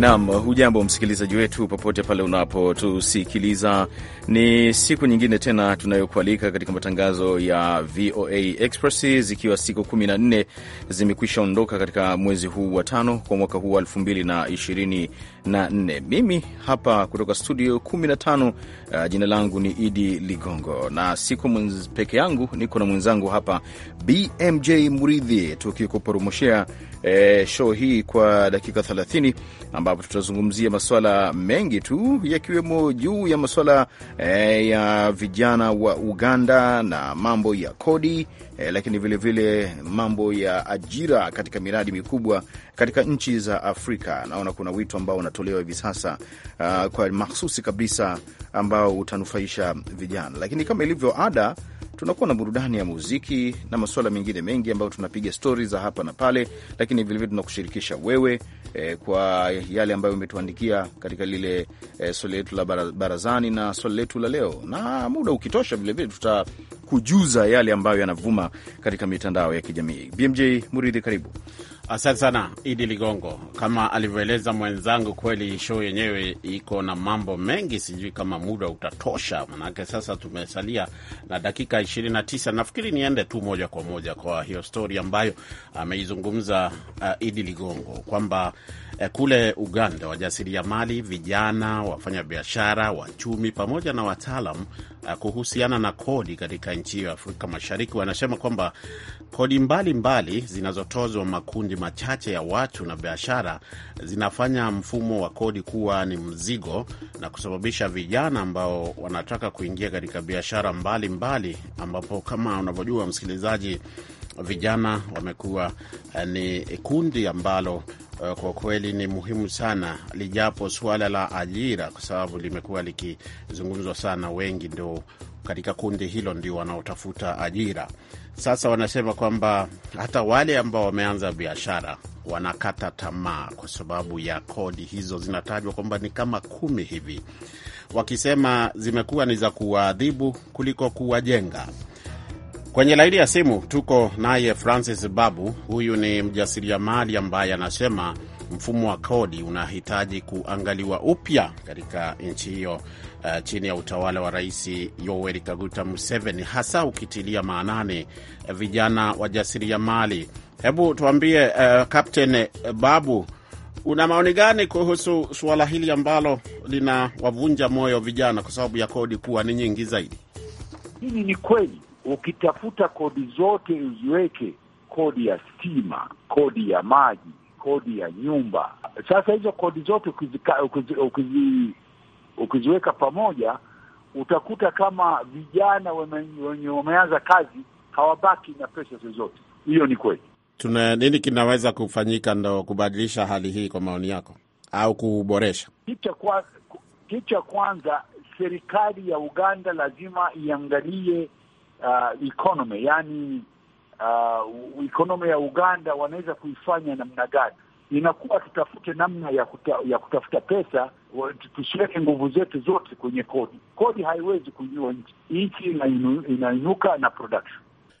Nam, hujambo msikilizaji wetu popote pale unapotusikiliza. Ni siku nyingine tena tunayokualika katika matangazo ya VOA Express, zikiwa siku nne zimekwisha ondoka katika mwezi huu wa tano kwa mwaka huu wa nne. Mimi hapa kutoka studio 15, uh, jina langu ni Idi Ligongo na siku peke yangu, niko na mwenzangu hapa BMJ Muridhi tukikuporomoshea e, show hii kwa dakika 30 ambapo tutazungumzia masuala mengi tu yakiwemo juu ya masuala e, ya vijana wa Uganda na mambo ya kodi e, lakini vilevile vile mambo ya ajira katika miradi mikubwa katika nchi za Afrika. Naona kuna wito ambao unatolewa hivi sasa uh, kwa mahsusi kabisa ambao utanufaisha vijana, lakini kama ilivyo ada tunakuwa na burudani ya muziki na masuala mengine mengi ambayo tunapiga stori za hapa na pale, lakini vilevile tunakushirikisha wewe e, kwa yale ambayo umetuandikia katika lile e, swali letu la barazani na swali letu la leo, na muda ukitosha vilevile tutakujuza yale ambayo yanavuma katika mitandao ya kijamii. BMJ Muridhi, karibu. Asante sana Idi Ligongo. Kama alivyoeleza mwenzangu, kweli show yenyewe iko na mambo mengi, sijui kama muda utatosha, manake sasa tumesalia na dakika 29. Nafikiri niende tu moja kwa moja kwa hiyo stori ambayo ameizungumza uh, Idi Ligongo kwamba Eh, kule Uganda, wajasiriamali vijana, wafanyabiashara, wachumi pamoja na wataalam eh, kuhusiana na kodi katika nchi hiyo ya Afrika Mashariki wanasema kwamba kodi mbalimbali zinazotozwa makundi machache ya watu na biashara zinafanya mfumo wa kodi kuwa ni mzigo na kusababisha vijana ambao wanataka kuingia katika biashara mbalimbali, ambapo kama unavyojua msikilizaji vijana wamekuwa eh, ni kundi ambalo eh, kwa kweli ni muhimu sana, lijapo suala la ajira, kwa sababu limekuwa likizungumzwa sana. Wengi ndio katika kundi hilo ndio wanaotafuta ajira. Sasa wanasema kwamba hata wale ambao wameanza biashara wanakata tamaa kwa sababu ya kodi hizo, zinatajwa kwamba ni kama kumi hivi, wakisema zimekuwa ni za kuwaadhibu kuliko kuwajenga. Kwenye laini ya simu tuko naye Francis Babu. Huyu ni mjasiriamali ambaye anasema mfumo wa kodi unahitaji kuangaliwa upya katika nchi hiyo uh, chini ya utawala wa Rais Yoweri Kaguta Museveni, hasa ukitilia maanani uh, vijana wajasiriamali. Hebu tuambie uh, Captain uh, Babu, una maoni gani kuhusu suala hili ambalo linawavunja moyo vijana kwa sababu ya kodi kuwa ni nyingi zaidi? Hili ni kweli ukitafuta kodi zote uziweke, kodi ya stima, kodi ya maji, kodi ya nyumba. Sasa hizo kodi zote ukizika, ukizi, ukizi, ukiziweka pamoja utakuta kama vijana wenye wameanza kazi hawabaki na pesa zozote. Hiyo ni kweli. Tuna nini kinaweza kufanyika ndo kubadilisha hali hii kwa maoni yako au kuboresha? Kitu cha kwanza serikali ya Uganda lazima iangalie uh, economy yani uh, economy ya Uganda wanaweza kuifanya namna gani? Inakuwa tutafute namna ya, kuta, ya kutafuta pesa, tusiweke nguvu zetu zote kwenye kodi. Kodi haiwezi kuinua nchi, nchi inainu, inainuka na production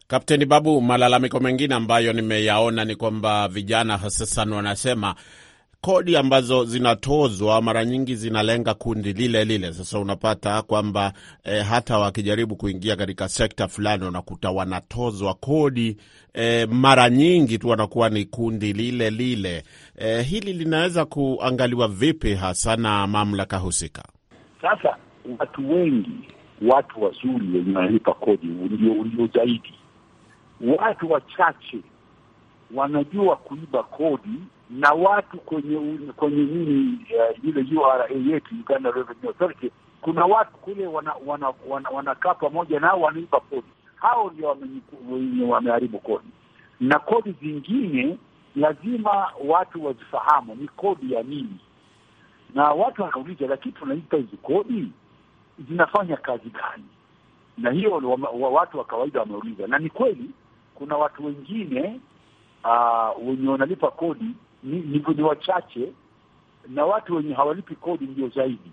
Kapteni Babu, malalamiko mengine ambayo nimeyaona ni kwamba vijana hususan wanasema kodi ambazo zinatozwa mara nyingi zinalenga kundi lile lile. Sasa unapata kwamba e, hata wakijaribu kuingia katika sekta fulani unakuta wanatozwa kodi e, mara nyingi tu wanakuwa ni kundi lile lile. E, hili linaweza kuangaliwa vipi hasa na mamlaka husika? Sasa watu wengi, watu wazuri wenye wanalipa kodi ulio ulio zaidi, watu wachache wanajua kuiba kodi na watu kwenye kwenye nini uh, ile URA yetu Uganda Revenue Authority, kuna watu kule wanakaa wana, wana, wana pamoja nao wanaiba kodi. Hao ndio wameharibu kodi, na kodi zingine lazima watu wazifahamu ni kodi ya nini, na watu wakauliza, lakini tunaita hizi kodi zinafanya kazi gani? Na hiyo wa, watu wa kawaida wameuliza, na ni kweli kuna watu wengine uh, wenye wanalipa kodi ni, ni, ni wachache na watu wenye hawalipi kodi ndio zaidi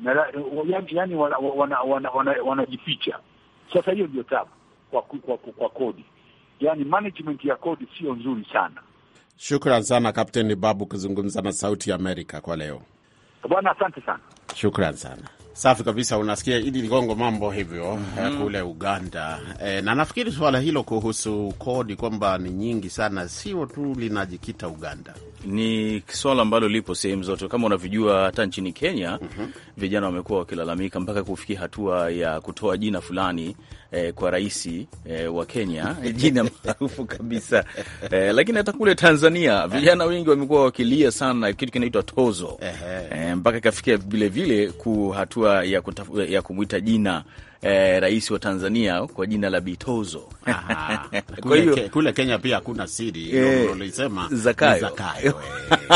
na, yani wanajificha wana, wana, wana, sasa. Hiyo ndio tabu kwa, kwa, kwa kodi, yani management ya kodi sio nzuri sana. Shukran sana Kapteni Babu kuzungumza na Sauti ya Amerika kwa leo bwana, asante sana, shukran sana. Safi kabisa. Unasikia Idi Ligongo, mambo hivyo mm -hmm. kule Uganda e, na nafikiri suala hilo kuhusu kodi kwamba ni nyingi sana, sio tu linajikita Uganda, ni swala ambalo lipo sehemu zote kama unavyojua. Hata nchini Kenya mm -hmm. vijana wamekuwa wakilalamika mpaka kufikia hatua ya kutoa jina fulani e, kwa rais e, wa Kenya jina maarufu kabisa e, lakini hata kule Tanzania vijana wengi wamekuwa wakilia sana kitu kinaitwa tozo e, mpaka ikafikia vilevile ku hatua ya, ya kumwita jina eh, rais wa Tanzania kwa jina la Bitozo. Aha, kule, hiyo, kule Kenya pia hakuna siri eh, Zakayo, Zakayo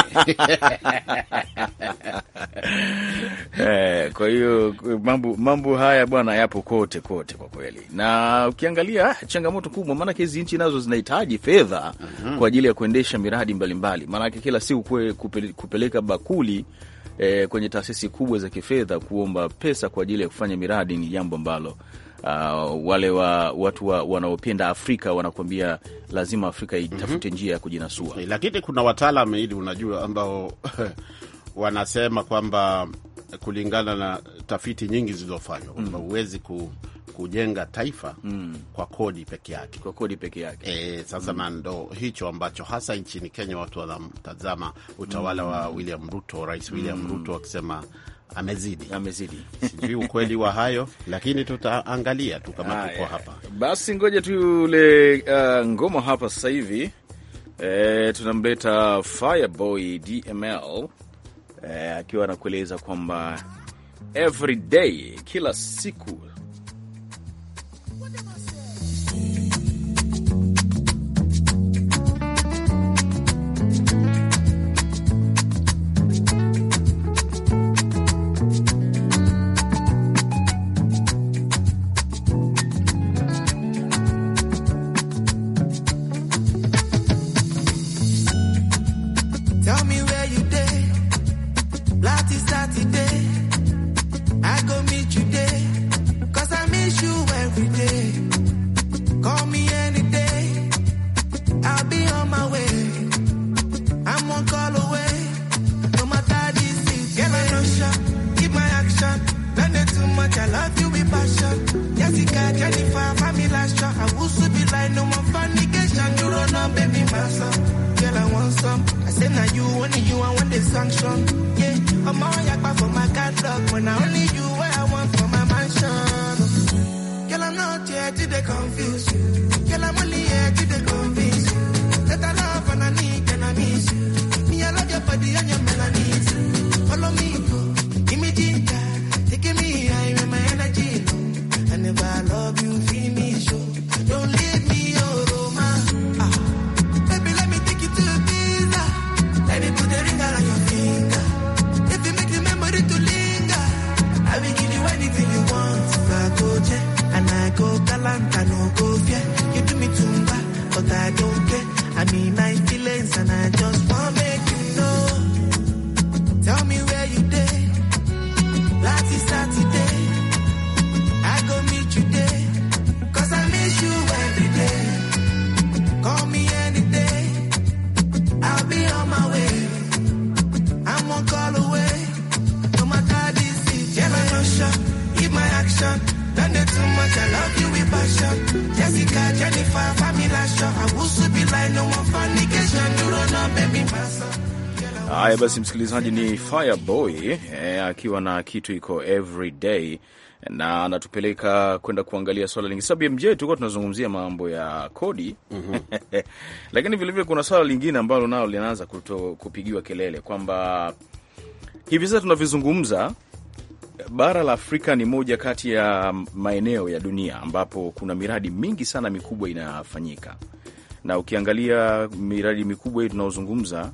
eh. eh, kwa hiyo mambo, mambo haya bwana yapo kote kote kwa kweli, na ukiangalia ah, changamoto kubwa, maanake hizi nchi nazo zinahitaji fedha uh mhm. -huh. kwa ajili ya kuendesha miradi mbalimbali, maanake kila siku kupeleka bakuli e, kwenye taasisi kubwa za kifedha kuomba pesa kwa ajili ya kufanya miradi ni jambo ambalo Uh, wale wa watu wa, wanaopenda Afrika wanakuambia lazima Afrika itafute mm -hmm. njia ya kujinasua, eh, lakini kuna wataalam ili unajua ambao wanasema kwamba kulingana na tafiti nyingi zilizofanywa kwamba mm huwezi ku kujenga taifa mm. kwa kodi peke yake, kwa kodi peke yake. E, sasa mm. ndo hicho ambacho hasa nchini Kenya watu wanamtazama utawala mm. wa William Ruto, Rais William mm. Ruto akisema amezidi amezidi. Sijui ukweli wa hayo, lakini tutaangalia tu kama tuko hapa. Basi ngoja tule uh, ngoma hapa sasa hivi. E, tunamleta Fireboy DML e, eh, akiwa anakueleza kwamba everyday kila siku Tell me where msikilizaji ni Fireboy eh, akiwa na kitu iko everyday na anatupeleka kwenda kuangalia swala lingine. Sababu BMJ tulikuwa tunazungumzia mambo ya kodi mm -hmm. lakini vilevile kuna swala lingine ambalo nalo linaanza kupigiwa kelele kwamba hivi sasa tunavyozungumza, bara la Afrika ni moja kati ya maeneo ya dunia ambapo kuna miradi mingi sana mikubwa inafanyika, na ukiangalia miradi mikubwa hii tunaozungumza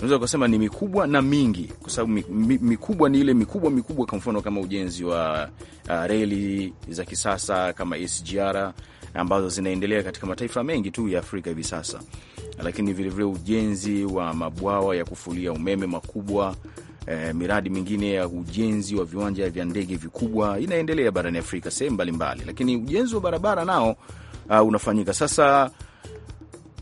unaweza ukasema ni mikubwa na mingi, kwa sababu mi, mi, mikubwa ni ile mikubwa mikubwa, kwa mfano kama ujenzi wa uh, reli za kisasa kama SGR ambazo zinaendelea katika mataifa mengi tu ya Afrika hivi sasa, lakini vilevile ujenzi wa mabwawa ya kufulia umeme makubwa eh, miradi mingine ya ujenzi wa viwanja vya ndege vikubwa inaendelea barani Afrika sehemu mbalimbali, lakini ujenzi wa barabara nao uh, unafanyika sasa.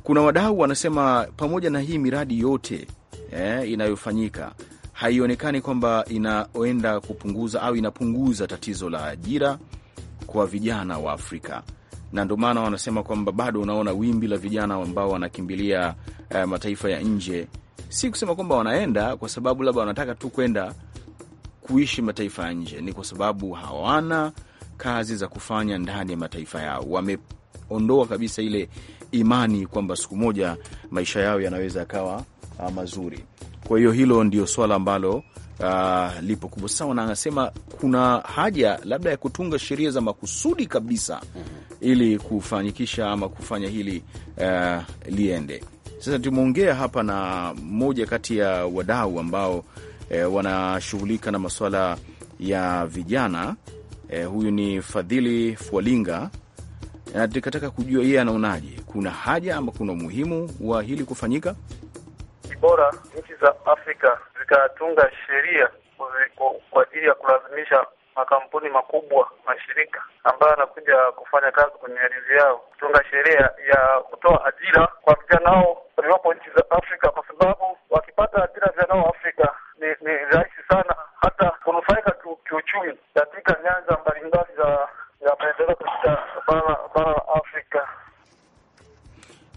Kuna wadau wanasema pamoja na hii miradi yote eh, inayofanyika haionekani kwamba inaenda kupunguza au inapunguza tatizo la ajira kwa vijana wa Afrika, na ndio maana wanasema kwamba bado unaona wimbi la vijana ambao wanakimbilia eh, mataifa ya nje. Si kusema kwamba wanaenda kwa sababu labda wanataka tu kwenda kuishi mataifa ya nje, ni kwa sababu hawana kazi za kufanya ndani ya mataifa yao. Wameondoa kabisa ile imani kwamba siku moja maisha yao yanaweza yakawa uh, mazuri. Kwa hiyo hilo ndio swala ambalo uh, lipo kubwa. Sasa wanasema kuna haja labda ya kutunga sheria za makusudi kabisa mhm. ili kufanyikisha ama kufanya hili uh, liende. Sasa tumeongea hapa na mmoja kati ya wadau ambao eh, wanashughulika na masuala ya vijana eh, huyu ni Fadhili Fwalinga na nikataka kujua yeye anaonaje, kuna haja ama kuna umuhimu wa hili kufanyika? bora nchi za Afrika zikatunga sheria kwa ajili ya kulazimisha makampuni makubwa, mashirika ambayo yanakuja kufanya kazi kwenye ardhi yao, kutunga sheria ya kutoa ajira kwa vijana wao waliopo nchi za Afrika, kwa sababu wakipata ajira vijana wao Afrika ni, ni rahisi sana hata kunufaika kiuchumi katika nyanja mbalimbali za maendeleo katika bara la Afrika.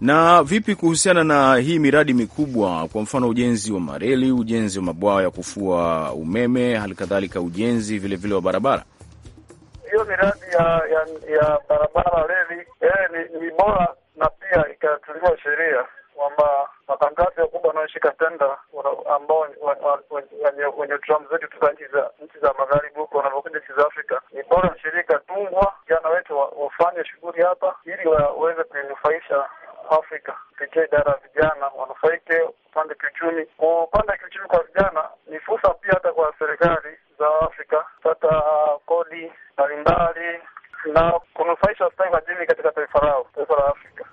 Na vipi kuhusiana na hii miradi mikubwa, kwa mfano ujenzi wa mareli, ujenzi wa mabwawa ya kufua umeme, hali kadhalika ujenzi vilevile vile wa barabara? Hiyo miradi ya, ya, ya barabara, reli eh, ni, ni bora na pia ikatuliwa sheria kwamba matangazo ya kubwa wanaoshika tenda ambao wenye tram zetu toka nchi za magharibi huko wanavyokuja nchi za Afrika, ni bora shirika tungwa, jana wetu wafanye shughuli hapa ili waweze kuinufaisha Afrika kupitia idara ya vijana wanufaike upande kiuchumi. Upande kiuchumi kwa vijana ni fursa pia hata kwa serikali za Afrika kupata kodi mbalimbali na kunufaisha ustawi wa jamii katika taifa lao, taifa la Afrika.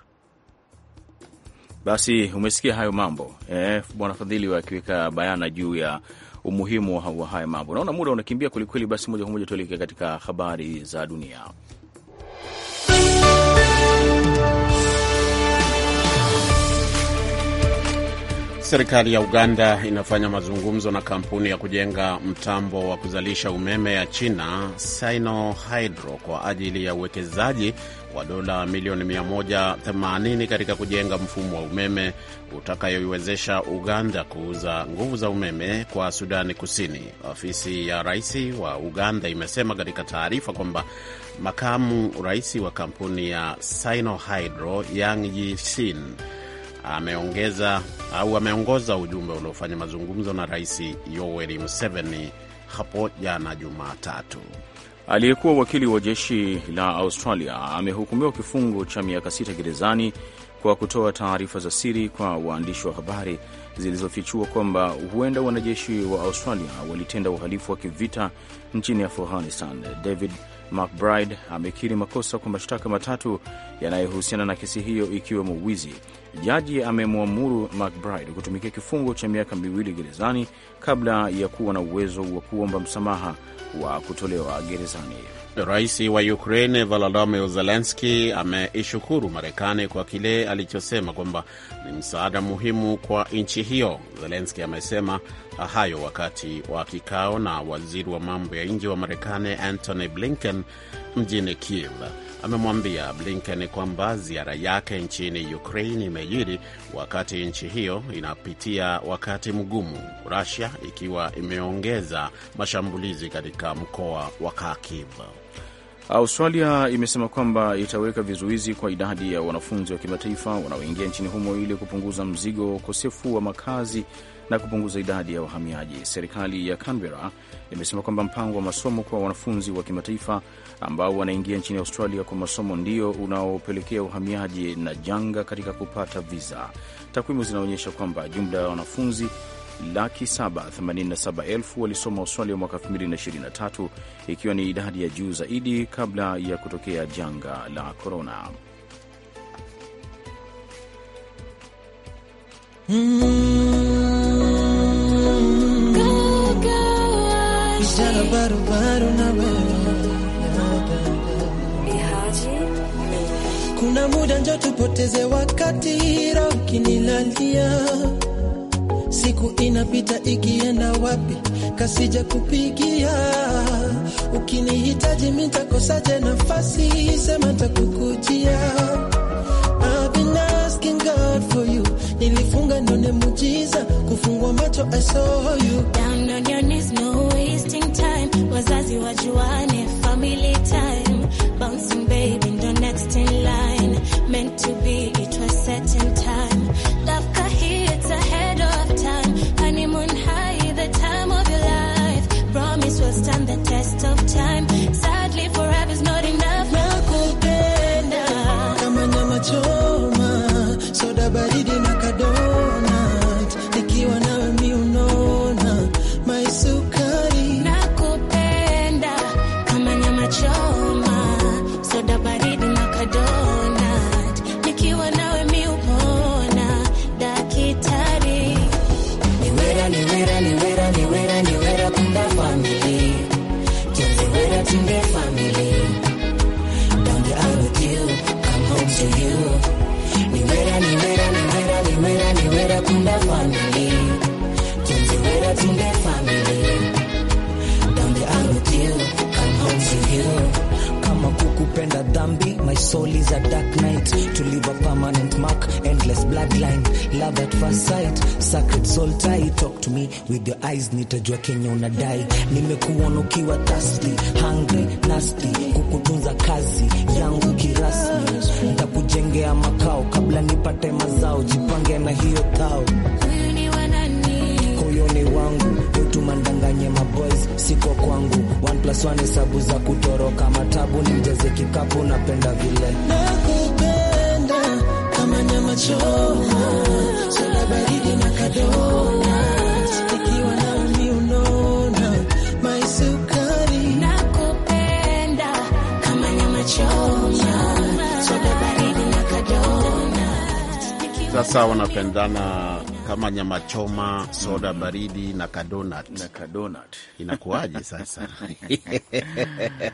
Basi umesikia hayo mambo eh, Bwana Fadhili akiweka bayana juu ya umuhimu wa haya mambo. Naona muda unakimbia kwelikweli, basi moja kwa moja tuelekee katika habari za dunia. Serikali ya Uganda inafanya mazungumzo na kampuni ya kujenga mtambo wa kuzalisha umeme ya China Sinohydro kwa ajili ya uwekezaji wa dola milioni 180 katika kujenga mfumo wa umeme utakayoiwezesha Uganda kuuza nguvu za umeme kwa Sudani Kusini. Ofisi ya rais wa Uganda imesema katika taarifa kwamba makamu rais wa kampuni ya Sinohydro Yang Yisin ameongeza au ameongoza ujumbe uliofanya mazungumzo na Rais Yoweri Museveni hapo jana Jumatatu. Aliyekuwa wakili wa jeshi la Australia amehukumiwa kifungo cha miaka sita gerezani kwa kutoa taarifa za siri kwa waandishi wa habari zilizofichua kwamba huenda wanajeshi wa Australia walitenda uhalifu wa kivita nchini Afghanistan. David McBride amekiri makosa kwa mashtaka matatu yanayohusiana na kesi hiyo ikiwemo wizi Jaji amemwamuru McBride kutumikia kifungo cha miaka miwili gerezani kabla ya kuwa na uwezo wa kuomba msamaha wa kutolewa gerezani. Rais wa Ukraine Volodymyr Zelenski ameishukuru Marekani kwa kile alichosema kwamba ni msaada muhimu kwa nchi hiyo. Zelenski amesema hayo wakati wa kikao na waziri wa mambo ya nje wa Marekani Antony Blinken mjini Kiev amemwambia Blinken kwamba ziara yake nchini Ukraine imejiri wakati nchi hiyo inapitia wakati mgumu, Rusia ikiwa imeongeza mashambulizi katika mkoa wa Kharkiv. Australia imesema kwamba itaweka vizuizi kwa idadi ya wanafunzi wa kimataifa wanaoingia nchini humo ili kupunguza mzigo wa ukosefu wa makazi na kupunguza idadi ya wahamiaji. Serikali ya Canberra imesema kwamba mpango wa masomo kwa wanafunzi wa kimataifa ambao wanaingia nchini Australia kwa masomo ndio unaopelekea uhamiaji na janga katika kupata viza. Takwimu zinaonyesha kwamba jumla ya wanafunzi laki 787 walisoma Australia mwaka 2023 ikiwa ni idadi ya juu zaidi kabla ya kutokea janga la korona. Mm. Mm-hmm. na wewe, kuna muda njo tupoteze wakati, ra ukinilalia, siku inapita ikienda wapi, kasija kupigia, ukinihitaji mitakosaje nafasi, sema takukujia asking God for you. Nilifunga ndo ni muujiza, kufungua macho I saw you. Down on your knees, no wasting time. Wazazi wajuane, family time. Bouncing baby ndo next in line. Meant to be, it was set in time. Love kahit, it's ahead of time. Honeymoon high, the time of your life. Promise we'll stand the with your eyes, nitajua Kenya unadai. Nimekuona ukiwa thirsty, hungry, nasty, kukutunza kazi yangu kirasmi, nitakujengea makao kabla nipate mazao, jipange na hiyo thao koyoni wangu wetu mandanganye maboys siko kwangu, one plus one hesabu za kutoroka matabu, nimjaze kikapu, napenda vile nakupenda kama nyama choma, soda baridi na kadona Sasa wanapendana kama nyama choma, soda mm-hmm. baridi na kadonat na kadonat, inakuwaje sasa?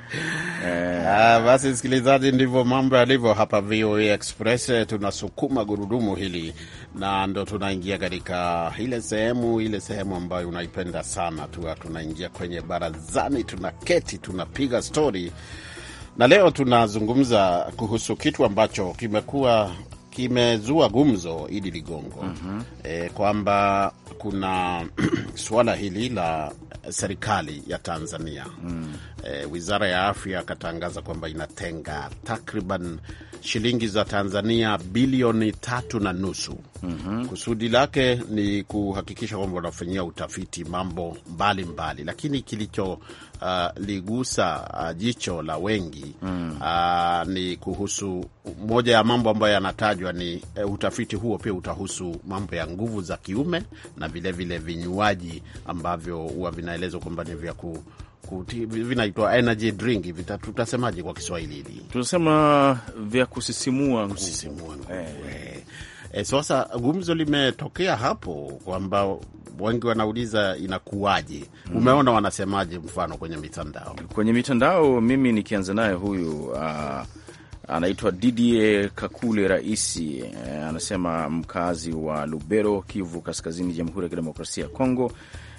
Ah, basi msikilizaji, ndivyo mambo yalivyo hapa VOA Express. Tunasukuma gurudumu hili na ndo tunaingia katika ile sehemu ile sehemu ambayo unaipenda sana tu, tunaingia kwenye barazani, tunaketi tunapiga stori na leo tunazungumza kuhusu kitu ambacho kimekuwa kimezua gumzo Idi Ligongo mm -hmm. E, kwamba kuna suala hili la serikali ya Tanzania mm. E, wizara ya afya akatangaza kwamba inatenga takriban shilingi za Tanzania bilioni tatu na nusu. mm -hmm. Kusudi lake ni kuhakikisha kwamba wanafanyia utafiti mambo mbalimbali mbali. Lakini kilicholigusa uh, uh, jicho la wengi mm. uh, ni kuhusu moja ya mambo ambayo yanatajwa ni uh, utafiti huo pia utahusu mambo ya nguvu za kiume na vilevile vinywaji ambavyo huwa vinaelezwa kwamba ni vya ku vinaitwa energy drink, tutasemaje kwa Kiswahili hili? Tunasema vya kusisimua nguvu, kusisimua nguvu eh. eh. Eh, sasa gumzo limetokea hapo kwamba wengi wanauliza inakuwaje? mm. Umeona wanasemaje? Mfano kwenye mitandao, kwenye mitandao mimi nikianza naye huyu uh, anaitwa Didie Kakule Raisi eh, anasema mkazi wa Lubero, Kivu Kaskazini, Jamhuri ya Kidemokrasia ya Kongo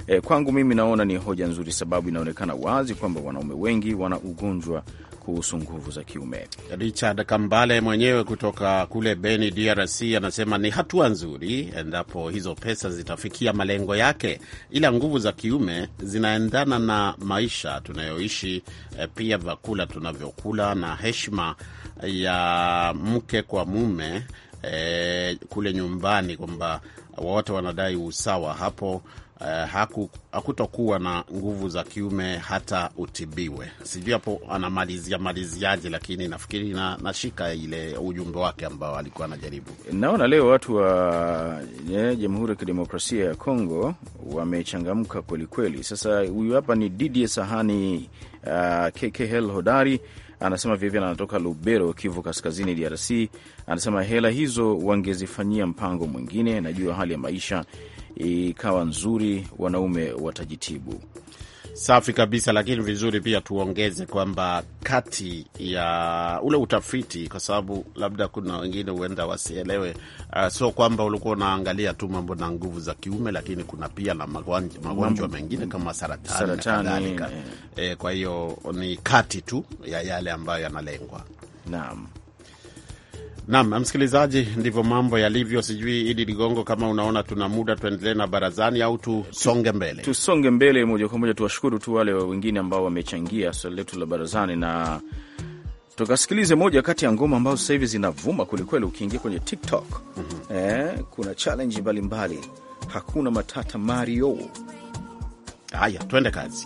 E, kwangu mimi naona ni hoja nzuri, sababu inaonekana wazi kwamba wanaume wengi wana ugonjwa kuhusu nguvu za kiume. Richard Kambale mwenyewe kutoka kule Beni, DRC, anasema ni hatua nzuri endapo hizo pesa zitafikia malengo yake, ila nguvu za kiume zinaendana na maisha tunayoishi, e, pia vyakula tunavyokula na heshima ya mke kwa mume, e, kule nyumbani, kwamba wote wanadai usawa hapo eh, haku, hakutokuwa na nguvu za kiume hata utibiwe. Sijui hapo anamalizia maliziaje, lakini nafikiri na, nashika ile ujumbe wake ambao alikuwa anajaribu. Naona leo watu wa eh, Jamhuri ya Kidemokrasia ya Kongo wamechangamka kwelikweli. Sasa huyu hapa ni Didie Sahani uh, eh, KKL Hodari anasema vilevile anatoka Lubero, Kivu Kaskazini, DRC. Anasema hela hizo wangezifanyia mpango mwingine. Najua hali ya maisha ikawa nzuri, wanaume watajitibu. Safi kabisa, lakini vizuri pia tuongeze kwamba kati ya ule utafiti, kwa sababu labda kuna wengine huenda wasielewe, uh, sio kwamba ulikuwa unaangalia tu mambo na nguvu za kiume, lakini kuna pia na magonjwa mengine kama saratani, saratani na kadhalika. E, kwa hiyo ni kati tu ya yale ambayo yanalengwa. Naam. Naam, msikilizaji, ndivyo mambo yalivyo. Sijui Idi Ligongo, kama unaona tuna muda tuendelee na barazani au tusonge mbele? Tusonge mbele moja kwa moja. Tuwashukuru tu wale wengine ambao wamechangia swali letu la barazani na tukasikilize moja kati ya ngoma ambazo sasa hivi zinavuma kwelikweli. Ukiingia kwenye TikTok mm -hmm. Eh, kuna challenge mbalimbali, hakuna matata Mario. Haya, twende kazi.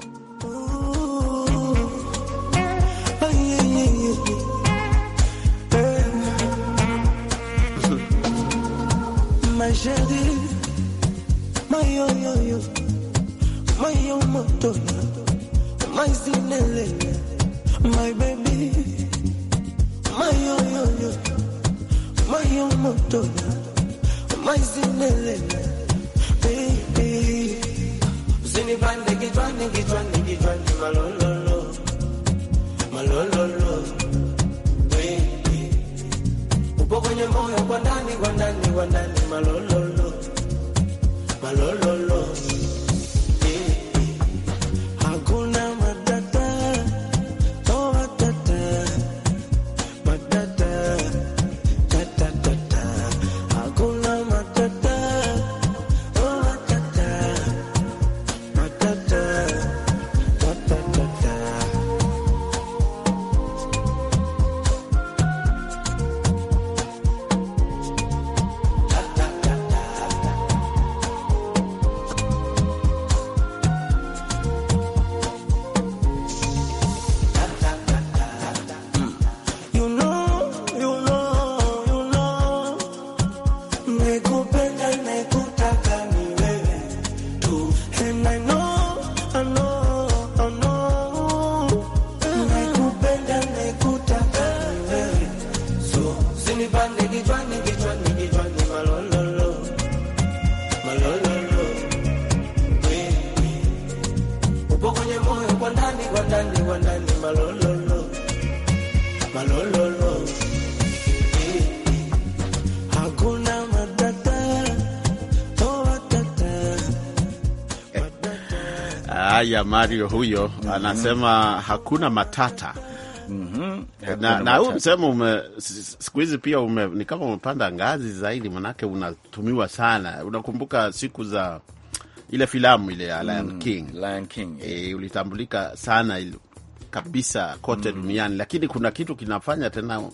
chérie, my yo yo yo, my yo motona, my zinele, my baby, my yo yo yo, my yo motona, my zinele, baby. Usinipande kichwani kichwani kichwani malololo malololo Upo kwenye moyo kwa ndani, kwa ndani, kwa ndani, malololo malololo malololo, Haya, Mario huyo mm -hmm. anasema hakuna matata Mm -hmm. Na, na huu msemo ume siku hizi pia ume, ni kama umepanda ngazi zaidi, manake unatumiwa sana. Unakumbuka siku za ile filamu ile ya Lion mm, King, Lion King, yeah. E, ulitambulika sana kabisa kote mm. duniani, lakini kuna kitu kinafanya tena uh,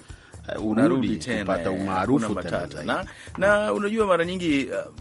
unarudi kupata eh, umaarufu tena na, na unajua mara nyingi uh,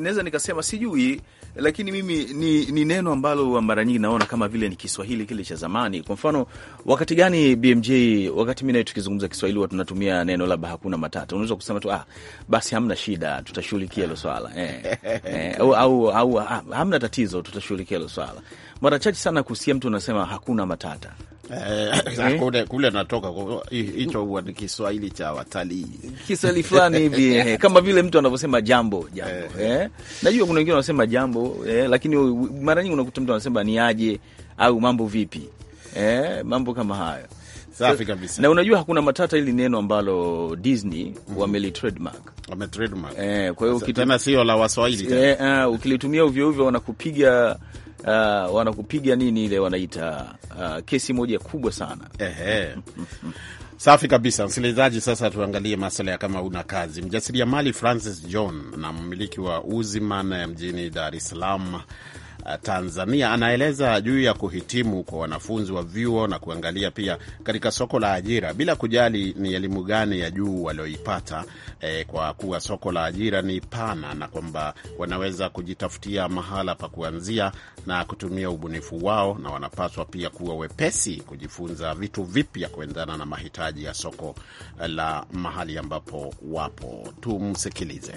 naweza nikasema sijui lakini mimi ni, ni neno ambalo mara nyingi naona kama vile ni Kiswahili kile cha zamani. Kwa mfano, wakati gani BMJ, wakati mi nawe tukizungumza Kiswahili huwa tunatumia neno labda hakuna matata, unaweza kusema tu ah, basi hamna shida, tutashughulikia hilo swala eh, eh, au, au, au ah, hamna tatizo, tutashughulikia hilo swala. Mara chache sana kusikia mtu anasema hakuna matata. Eh, eh, kule, kule natoka hicho huwa ni Kiswahili cha watalii, Kiswahili fulani hivi eh, kama vile mtu anavyosema jambo jambo eh, eh. Eh. Najua kuna wengine wanasema jambo eh, lakini mara nyingi unakuta mtu anasema ni aje au mambo vipi eh, mambo kama hayo. Safi kabisa. Na unajua hakuna matata hili neno ambalo Disney mm -hmm. wameli trademark. Wame trademark. Eh, kwa hiyo ukitumia sio la Waswahili Eh, uh, ukilitumia ovyo ovyo wanakupiga uh, wanakupiga nini ile wanaita uh, kesi moja kubwa sana ehe. Safi kabisa, msikilizaji. Sasa tuangalie masala ya kama una kazi. Mjasiriamali Francis John na mmiliki wa Uziman mjini Dar es Salaam Eh, Tanzania anaeleza juu ya kuhitimu kwa wanafunzi wa vyuo na kuangalia pia katika soko la ajira bila kujali ni elimu gani ya juu walioipata, eh, kwa kuwa soko la ajira ni pana na kwamba wanaweza kujitafutia mahala pa kuanzia na kutumia ubunifu wao, na wanapaswa pia kuwa wepesi kujifunza vitu vipya kuendana na mahitaji ya soko eh, la mahali ambapo wapo. Tumsikilize.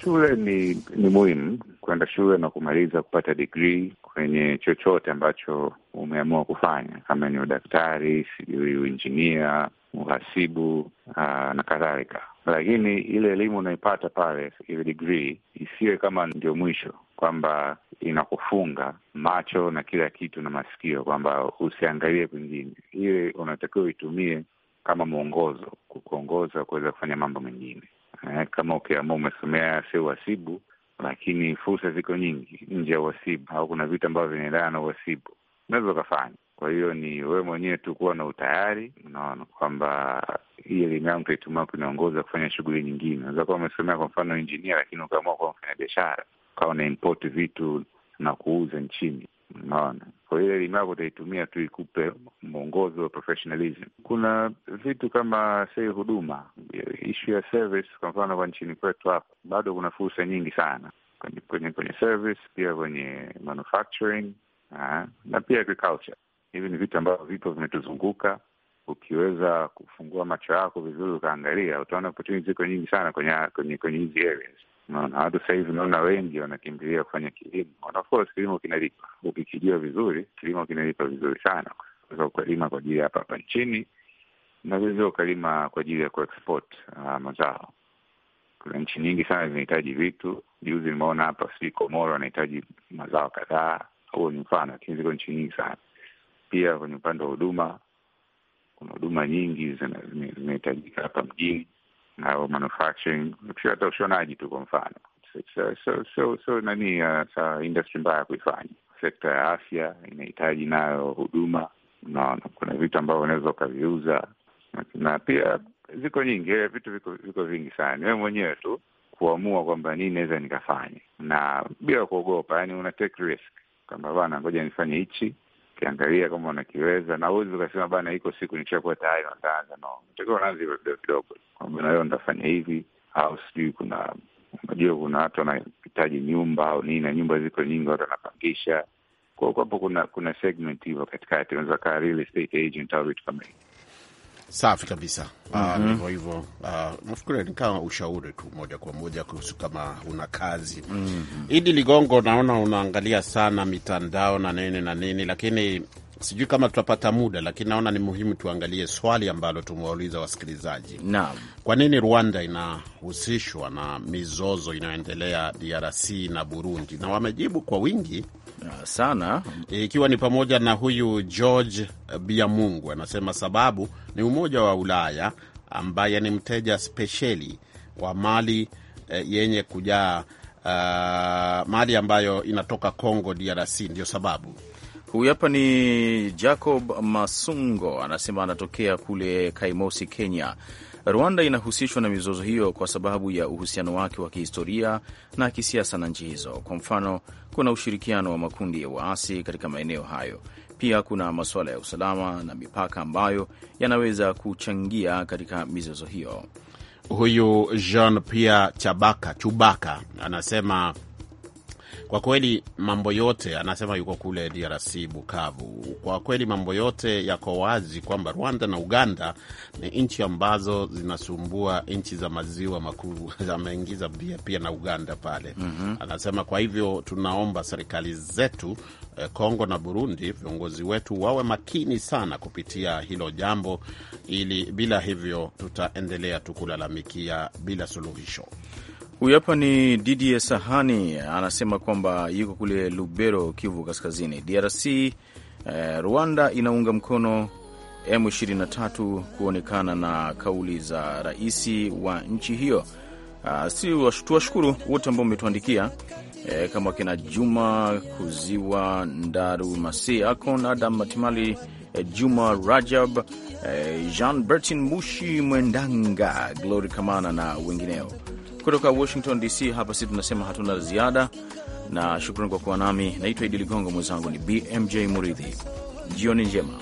Shule ni ni muhimu, kwenda shule na kumaliza kupata digri kwenye chochote ambacho umeamua kufanya, kama ni udaktari, sijui uinjinia, uhasibu ah, na kadhalika. Lakini ile elimu unaipata pale, ile digrii isiwe kama ndio mwisho, kwamba inakufunga macho na kila kitu na masikio, kwamba usiangalie kwingine. Ile unatakiwa uitumie kama mwongozo, kukuongoza kuweza kufanya mambo mengine eh, kama ukiamua umesomea sio uhasibu, lakini fursa ziko nyingi nje ya uhasibu, au kuna vitu ambavyo vinaendana na uhasibu unaweza ukafanya. Kwa hiyo ni wewe mwenyewe tu kuwa na utayari, unaona kwamba hii elimu yangu taituma kunaongoza kufanya shughuli nyingine. Unaweza kuwa umesomea kwa mfano injinia, lakini ukaamua kuwa mfanya biashara, ukawa unaimport vitu na kuuza nchini, unaona. Kwa hiyo elimu yako utaitumia tu ikupe mwongozo wa professionalism. Kuna vitu kama sei huduma, ishu ya service kwa mfano kwa nchini kwetu hapa bado kuna fursa nyingi sana kwenye kwenye kwenye service, pia kwenye manufacturing ah, na pia agriculture. Hivi ni vitu ambavyo vipo vimetuzunguka. Ukiweza kufungua macho yako vizuri ukaangalia, utaona opportunity ziko nyingi sana kwenye kwenye kwenye hizi areas. Unaona watu sasa hivi unaona wengi wanakimbilia kufanya kilimo, na of course kilimo kinalipa. Ukikijua vizuri, kilimo kinalipa vizuri sana, kwa ukalima kwa ajili ya hapa hapa nchini vilevile ukalima kwa ajili ya kuexport uh, mazao. Kuna nchi nyingi sana zinahitaji vitu. Juzi nimeona hapa, si Komoro wanahitaji mazao kadhaa. Huo ni mfano, lakini ziko nchi nyingi sana. Pia kwenye upande wa huduma, kuna huduma nyingi zinahitajika hapa mjini au manufacturing, hata ushonaji tu kwa mfano. So, so, so, so nani uh, industry mbaya ya kuifanya. Sekta ya afya inahitaji nayo huduma. Unaona, kuna vitu ambavyo unaweza ukaviuza na pia ziko nyingi eh, vitu, viko viko vingi sana. Wewe mwenyewe tu kuamua kwamba nini naweza nikafanya, na bila kuogopa, yani una take risk kwamba bana, ngoja nifanye hichi, ukiangalia kama unakiweza, na uwezi ukasema bana, iko siku nikishakuwa tayari nitaanza. No, takiwa unaanza hivyo vidogo vidogo, kwamba na leo nitafanya hivi, au sijui kuna unajua kuna watu wanahitaji nyumba au nini, na nyumba ziko nyingi, watu wanapangisha. kwao, kwapo kuna kuna segment hivyo katikati, unaweza kaa real estate agent au vitu kama hivi. Safi kabisa. mm hivyo. Ah, Nafikiria ni kama ushauri tu moja kwa moja kuhusu kama una kazi. mm -hmm. Idi Ligongo, naona unaangalia sana mitandao na nini na nini, lakini sijui kama tutapata muda, lakini naona ni muhimu tuangalie swali ambalo tumewauliza wasikilizaji. Naam, kwa nini Rwanda inahusishwa na mizozo inayoendelea DRC na Burundi? Na wamejibu kwa wingi Ah, sana, ikiwa ni pamoja na huyu George Biamungu anasema sababu ni Umoja wa Ulaya ambaye ni mteja spesheli wa mali eh, yenye kujaa uh, mali ambayo inatoka Congo DRC, ndio sababu. Huyu hapa ni Jacob Masungo anasema anatokea kule Kaimosi, Kenya. Rwanda inahusishwa na mizozo hiyo kwa sababu ya uhusiano wake wa kihistoria na kisiasa na nchi hizo. Kwa mfano, kuna ushirikiano wa makundi ya waasi katika maeneo hayo. Pia kuna masuala ya usalama na mipaka ambayo yanaweza kuchangia katika mizozo hiyo. Huyu Jean Pierre Chabaka Chubaka anasema kwa kweli mambo yote anasema, yuko kule DRC Bukavu. Kwa kweli mambo yote yako wazi kwamba Rwanda na Uganda ni nchi ambazo zinasumbua nchi za maziwa makuu ameingiza pia, pia na Uganda pale mm -hmm. Anasema kwa hivyo tunaomba serikali zetu eh, Kongo na Burundi, viongozi wetu wawe makini sana kupitia hilo jambo, ili bila hivyo tutaendelea tu kulalamikia bila suluhisho. Huyu hapa ni Didie Sahani, anasema kwamba yuko kule Lubero, Kivu Kaskazini, DRC. Eh, Rwanda inaunga mkono M23 kuonekana na kauli za rais wa nchi hiyo. Ah, si tuwashukuru wote ambao umetuandikia eh, kama kina Juma Kuziwa Ndaru Masi Akon Adam Matimali eh, Juma Rajab eh, Jean Bertin Mushi Mwendanga Glory Kamana na wengineo. Kutoka Washington DC, hapa sii tunasema hatuna ziada, na shukrani kwa kuwa nami. Naitwa Idi Ligongo, mwenzangu ni BMJ Muridhi. Jioni njema.